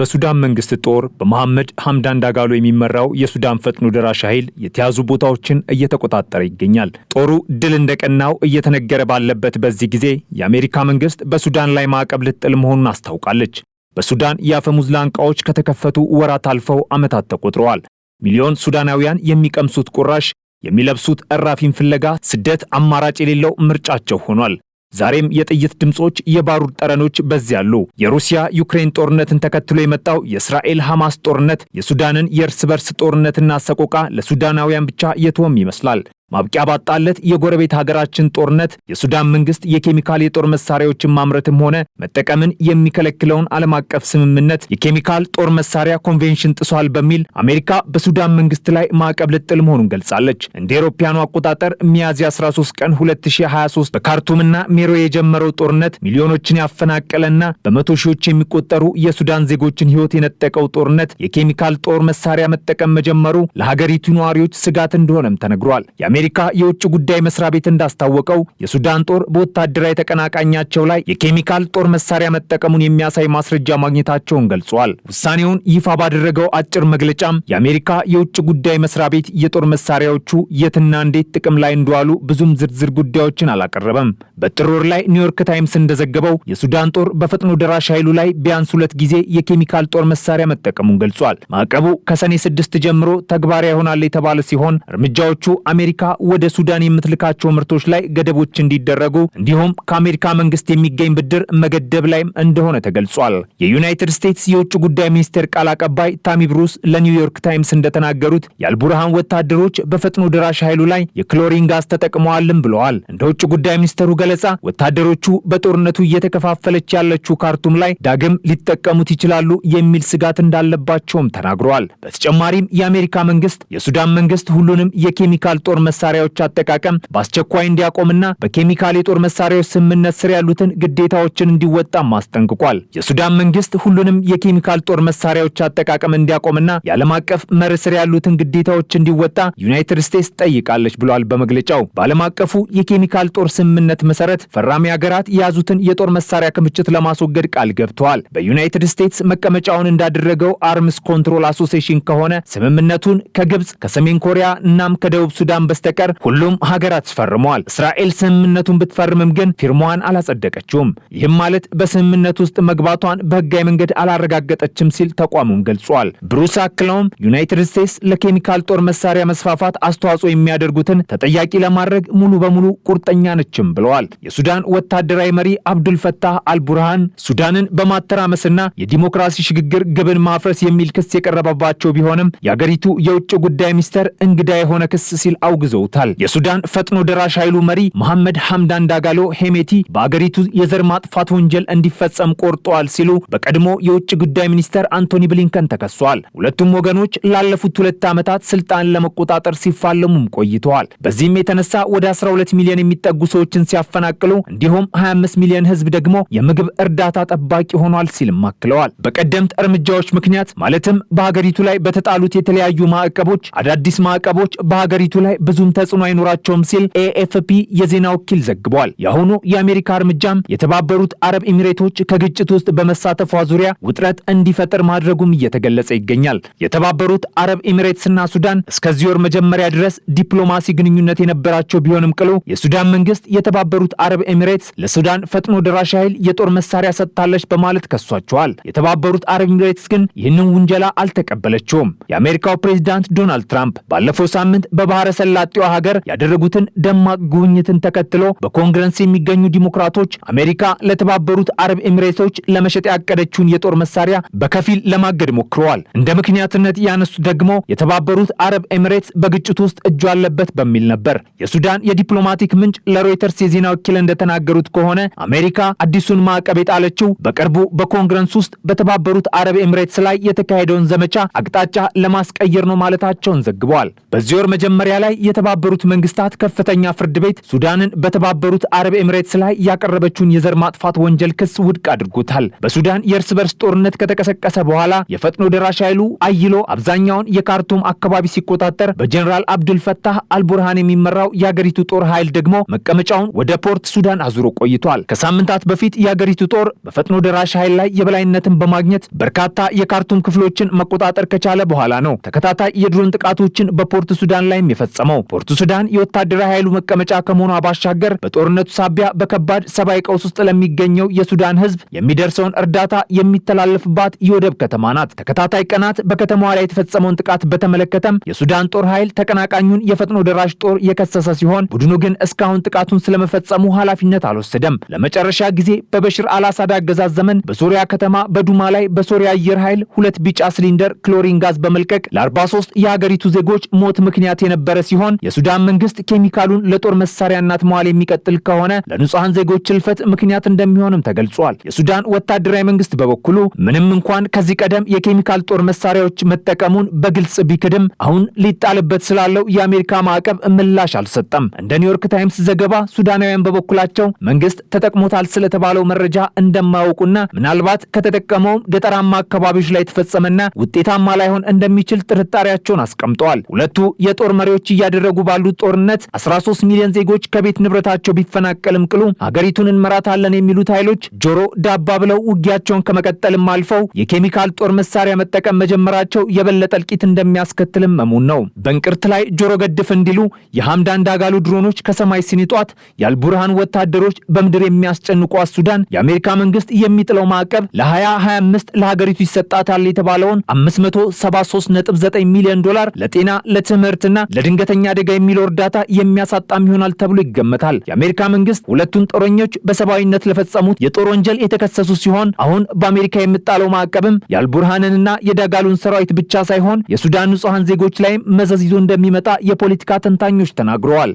በሱዳን መንግስት ጦር በመሐመድ ሐምዳን ዳጋሎ የሚመራው የሱዳን ፈጥኖ ደራሽ ኃይል የተያዙ ቦታዎችን እየተቆጣጠረ ይገኛል። ጦሩ ድል እንደቀናው እየተነገረ ባለበት በዚህ ጊዜ የአሜሪካ መንግስት በሱዳን ላይ ማዕቀብ ልትጥል መሆኑን አስታውቃለች። በሱዳን የአፈሙዝ ላንቃዎች ከተከፈቱ ወራት አልፈው ዓመታት ተቆጥረዋል። ሚሊዮን ሱዳናውያን የሚቀምሱት ቁራሽ የሚለብሱት እራፊን ፍለጋ ስደት አማራጭ የሌለው ምርጫቸው ሆኗል። ዛሬም የጥይት ድምፆች፣ የባሩድ ጠረኖች በዚያ አሉ። የሩሲያ ዩክሬን ጦርነትን ተከትሎ የመጣው የእስራኤል ሐማስ ጦርነት የሱዳንን የእርስ በርስ ጦርነትና ሰቆቃ ለሱዳናውያን ብቻ የተወም ይመስላል። ማብቂያ ባጣለት የጎረቤት ሀገራችን ጦርነት የሱዳን መንግስት የኬሚካል የጦር መሳሪያዎችን ማምረትም ሆነ መጠቀምን የሚከለክለውን ዓለም አቀፍ ስምምነት የኬሚካል ጦር መሳሪያ ኮንቬንሽን ጥሷል በሚል አሜሪካ በሱዳን መንግስት ላይ ማዕቀብ ልጥል መሆኑን ገልጻለች። እንደ ኤሮፓያኑ አቆጣጠር ሚያዝያ 13 ቀን 2023 በካርቱምና ሜሮ የጀመረው ጦርነት ሚሊዮኖችን ያፈናቀለና በመቶ ሺዎች የሚቆጠሩ የሱዳን ዜጎችን ህይወት የነጠቀው ጦርነት የኬሚካል ጦር መሳሪያ መጠቀም መጀመሩ ለሀገሪቱ ነዋሪዎች ስጋት እንደሆነም ተነግሯል። የአሜሪካ የውጭ ጉዳይ መስሪያ ቤት እንዳስታወቀው የሱዳን ጦር በወታደራዊ ተቀናቃኛቸው ላይ የኬሚካል ጦር መሳሪያ መጠቀሙን የሚያሳይ ማስረጃ ማግኘታቸውን ገልጿል። ውሳኔውን ይፋ ባደረገው አጭር መግለጫም የአሜሪካ የውጭ ጉዳይ መስሪያ ቤት የጦር መሳሪያዎቹ የትና እንዴት ጥቅም ላይ እንደዋሉ ብዙም ዝርዝር ጉዳዮችን አላቀረበም። በጥር ወር ላይ ኒውዮርክ ታይምስ እንደዘገበው የሱዳን ጦር በፈጥኖ ደራሽ ኃይሉ ላይ ቢያንስ ሁለት ጊዜ የኬሚካል ጦር መሳሪያ መጠቀሙን ገልጿል። ማዕቀቡ ከሰኔ ስድስት ጀምሮ ተግባራዊ ይሆናል የተባለ ሲሆን እርምጃዎቹ አሜሪካ ወደ ሱዳን የምትልካቸው ምርቶች ላይ ገደቦች እንዲደረጉ እንዲሁም ከአሜሪካ መንግስት የሚገኝ ብድር መገደብ ላይም እንደሆነ ተገልጿል። የዩናይትድ ስቴትስ የውጭ ጉዳይ ሚኒስቴር ቃል አቀባይ ታሚ ብሩስ ለኒውዮርክ ታይምስ እንደተናገሩት የአልቡርሃን ወታደሮች በፈጥኖ ደራሽ ኃይሉ ላይ የክሎሪን ጋዝ ተጠቅመዋልም ብለዋል። እንደ ውጭ ጉዳይ ሚኒስተሩ ገለጻ ወታደሮቹ በጦርነቱ እየተከፋፈለች ያለችው ካርቱም ላይ ዳግም ሊጠቀሙት ይችላሉ የሚል ስጋት እንዳለባቸውም ተናግረዋል። በተጨማሪም የአሜሪካ መንግስት የሱዳን መንግስት ሁሉንም የኬሚካል ጦር መ መሳሪያዎች አጠቃቀም በአስቸኳይ እንዲያቆምና በኬሚካል የጦር መሳሪያዎች ስምምነት ስር ያሉትን ግዴታዎችን እንዲወጣም አስጠንቅቋል። የሱዳን መንግስት ሁሉንም የኬሚካል ጦር መሳሪያዎች አጠቃቀም እንዲያቆምና የዓለም አቀፍ መርህ ስር ያሉትን ግዴታዎች እንዲወጣ ዩናይትድ ስቴትስ ጠይቃለች ብሏል። በመግለጫው በዓለም አቀፉ የኬሚካል ጦር ስምምነት መሰረት ፈራሚ ሀገራት የያዙትን የጦር መሳሪያ ክምችት ለማስወገድ ቃል ገብተዋል። በዩናይትድ ስቴትስ መቀመጫውን እንዳደረገው አርምስ ኮንትሮል አሶሴሽን ከሆነ ስምምነቱን ከግብፅ ከሰሜን ኮሪያ እናም ከደቡብ ሱዳን በስተ በስተቀር ሁሉም ሀገራት ፈርመዋል። እስራኤል ስምምነቱን ብትፈርምም ግን ፊርማዋን አላጸደቀችውም። ይህም ማለት በስምምነት ውስጥ መግባቷን በህጋዊ መንገድ አላረጋገጠችም ሲል ተቋሙም ገልጿል። ብሩስ አክለውም ዩናይትድ ስቴትስ ለኬሚካል ጦር መሳሪያ መስፋፋት አስተዋጽኦ የሚያደርጉትን ተጠያቂ ለማድረግ ሙሉ በሙሉ ቁርጠኛ ነችም ብለዋል። የሱዳን ወታደራዊ መሪ አብዱልፈታህ አልቡርሃን ሱዳንን በማተራመስና የዲሞክራሲ ሽግግር ግብን ማፍረስ የሚል ክስ የቀረበባቸው ቢሆንም የአገሪቱ የውጭ ጉዳይ ሚኒስተር እንግዳ የሆነ ክስ ሲል አውግዞ ይዘውታል። የሱዳን ፈጥኖ ደራሽ ኃይሉ መሪ መሐመድ ሐምዳን ዳጋሎ ሄሜቲ በአገሪቱ የዘር ማጥፋት ወንጀል እንዲፈጸም ቆርጠዋል ሲሉ በቀድሞ የውጭ ጉዳይ ሚኒስተር አንቶኒ ብሊንከን ተከሷል። ሁለቱም ወገኖች ላለፉት ሁለት ዓመታት ስልጣን ለመቆጣጠር ሲፋለሙም ቆይተዋል። በዚህም የተነሳ ወደ 12 ሚሊዮን የሚጠጉ ሰዎችን ሲያፈናቅሉ እንዲሁም 25 ሚሊዮን ህዝብ ደግሞ የምግብ እርዳታ ጠባቂ ሆኗል ሲልም አክለዋል። በቀደምት እርምጃዎች ምክንያት ማለትም በሀገሪቱ ላይ በተጣሉት የተለያዩ ማዕቀቦች አዳዲስ ማዕቀቦች በሀገሪቱ ላይ ብዙ ብዙም ተጽዕኖ አይኖራቸውም ሲል ኤኤፍፒ የዜና ወኪል ዘግቧል። የአሁኑ የአሜሪካ እርምጃም የተባበሩት አረብ ኤሚሬቶች ከግጭት ውስጥ በመሳተፏ ዙሪያ ውጥረት እንዲፈጥር ማድረጉም እየተገለጸ ይገኛል። የተባበሩት አረብ ኤሚሬትስና ሱዳን እስከዚህ ወር መጀመሪያ ድረስ ዲፕሎማሲ ግንኙነት የነበራቸው ቢሆንም ቅሉ የሱዳን መንግስት የተባበሩት አረብ ኤሚሬትስ ለሱዳን ፈጥኖ ደራሽ ኃይል የጦር መሳሪያ ሰጥታለች በማለት ከሷቸዋል። የተባበሩት አረብ ኤሚሬትስ ግን ይህንን ውንጀላ አልተቀበለችውም። የአሜሪካው ፕሬዚዳንት ዶናልድ ትራምፕ ባለፈው ሳምንት በባህረ ሰላ ሰላጤዋ ሀገር ያደረጉትን ደማቅ ጉብኝትን ተከትሎ በኮንግረስ የሚገኙ ዲሞክራቶች አሜሪካ ለተባበሩት አረብ ኤሚሬቶች ለመሸጥ ያቀደችውን የጦር መሳሪያ በከፊል ለማገድ ሞክረዋል። እንደ ምክንያትነት ያነሱት ደግሞ የተባበሩት አረብ ኤሚሬትስ በግጭቱ ውስጥ እጁ አለበት በሚል ነበር። የሱዳን የዲፕሎማቲክ ምንጭ ለሮይተርስ የዜና ወኪል እንደተናገሩት ከሆነ አሜሪካ አዲሱን ማዕቀብ የጣለችው በቅርቡ በኮንግረስ ውስጥ በተባበሩት አረብ ኤሚሬትስ ላይ የተካሄደውን ዘመቻ አቅጣጫ ለማስቀየር ነው ማለታቸውን ዘግበዋል። በዚህ ወር መጀመሪያ ላይ የተባበሩት መንግስታት ከፍተኛ ፍርድ ቤት ሱዳንን በተባበሩት አረብ ኤምሬትስ ላይ ያቀረበችውን የዘር ማጥፋት ወንጀል ክስ ውድቅ አድርጎታል። በሱዳን የእርስ በርስ ጦርነት ከተቀሰቀሰ በኋላ የፈጥኖ ደራሽ ኃይሉ አይሎ አብዛኛውን የካርቱም አካባቢ ሲቆጣጠር፣ በጀኔራል አብዱልፈታህ አልቡርሃን የሚመራው የአገሪቱ ጦር ኃይል ደግሞ መቀመጫውን ወደ ፖርት ሱዳን አዙሮ ቆይቷል። ከሳምንታት በፊት የአገሪቱ ጦር በፈጥኖ ደራሽ ኃይል ላይ የበላይነትን በማግኘት በርካታ የካርቱም ክፍሎችን መቆጣጠር ከቻለ በኋላ ነው ተከታታይ የድሮን ጥቃቶችን በፖርት ሱዳን ላይም የፈጸመው። ፖርቱ ሱዳን የወታደራዊ ኃይሉ መቀመጫ ከመሆኗ ባሻገር በጦርነቱ ሳቢያ በከባድ ሰብአዊ ቀውስ ውስጥ ለሚገኘው የሱዳን ህዝብ የሚደርሰውን እርዳታ የሚተላለፍባት የወደብ ከተማ ናት። ተከታታይ ቀናት በከተማዋ ላይ የተፈጸመውን ጥቃት በተመለከተም የሱዳን ጦር ኃይል ተቀናቃኙን የፈጥኖ ደራሽ ጦር የከሰሰ ሲሆን ቡድኑ ግን እስካሁን ጥቃቱን ስለመፈጸሙ ኃላፊነት አልወሰደም። ለመጨረሻ ጊዜ በበሽር አላሳድ አገዛዝ ዘመን በሶሪያ ከተማ በዱማ ላይ በሶሪያ አየር ኃይል ሁለት ቢጫ ሲሊንደር ክሎሪን ጋዝ በመልቀቅ ለ43 የሀገሪቱ ዜጎች ሞት ምክንያት የነበረ ሲሆን የሱዳን መንግስት ኬሚካሉን ለጦር መሳሪያናት መዋል የሚቀጥል ከሆነ ለንጹሐን ዜጎች እልፈት ምክንያት እንደሚሆንም ተገልጿል። የሱዳን ወታደራዊ መንግስት በበኩሉ ምንም እንኳን ከዚህ ቀደም የኬሚካል ጦር መሳሪያዎች መጠቀሙን በግልጽ ቢክድም አሁን ሊጣልበት ስላለው የአሜሪካ ማዕቀብ ምላሽ አልሰጠም። እንደ ኒውዮርክ ታይምስ ዘገባ ሱዳናውያን በበኩላቸው መንግስት ተጠቅሞታል ስለተባለው መረጃ እንደማያውቁና ምናልባት ከተጠቀመውም ገጠራማ አካባቢዎች ላይ የተፈጸመና ውጤታማ ላይሆን እንደሚችል ጥርጣሬያቸውን አስቀምጠዋል። ሁለቱ የጦር መሪዎች እያደረ እየተደረጉ ባሉት ጦርነት 13 ሚሊዮን ዜጎች ከቤት ንብረታቸው ቢፈናቀልም ቅሉ አገሪቱን እንመራታለን የሚሉት ኃይሎች ጆሮ ዳባ ብለው ውጊያቸውን ከመቀጠልም አልፈው የኬሚካል ጦር መሳሪያ መጠቀም መጀመራቸው የበለጠ እልቂት እንደሚያስከትልም መሙን ነው። በእንቅርት ላይ ጆሮ ገድፍ እንዲሉ የሐምዳን ዳጋሉ ድሮኖች ከሰማይ ሲኒጧት የአልቡርሃን ወታደሮች በምድር የሚያስጨንቋት ሱዳን የአሜሪካ መንግስት የሚጥለው ማዕቀብ ለ2025 ለሀገሪቱ ይሰጣታል የተባለውን 573.9 ሚሊዮን ዶላር ለጤና ለትምህርትና ለድንገተኛ አደጋ የሚለው እርዳታ የሚያሳጣም ይሆናል ተብሎ ይገመታል። የአሜሪካ መንግስት ሁለቱን ጦረኞች በሰብአዊነት ለፈጸሙት የጦር ወንጀል የተከሰሱ ሲሆን አሁን በአሜሪካ የምጣለው ማዕቀብም የአልቡርሃንንና የዳጋሉን ሰራዊት ብቻ ሳይሆን የሱዳን ንጹሐን ዜጎች ላይም መዘዝ ይዞ እንደሚመጣ የፖለቲካ ተንታኞች ተናግረዋል።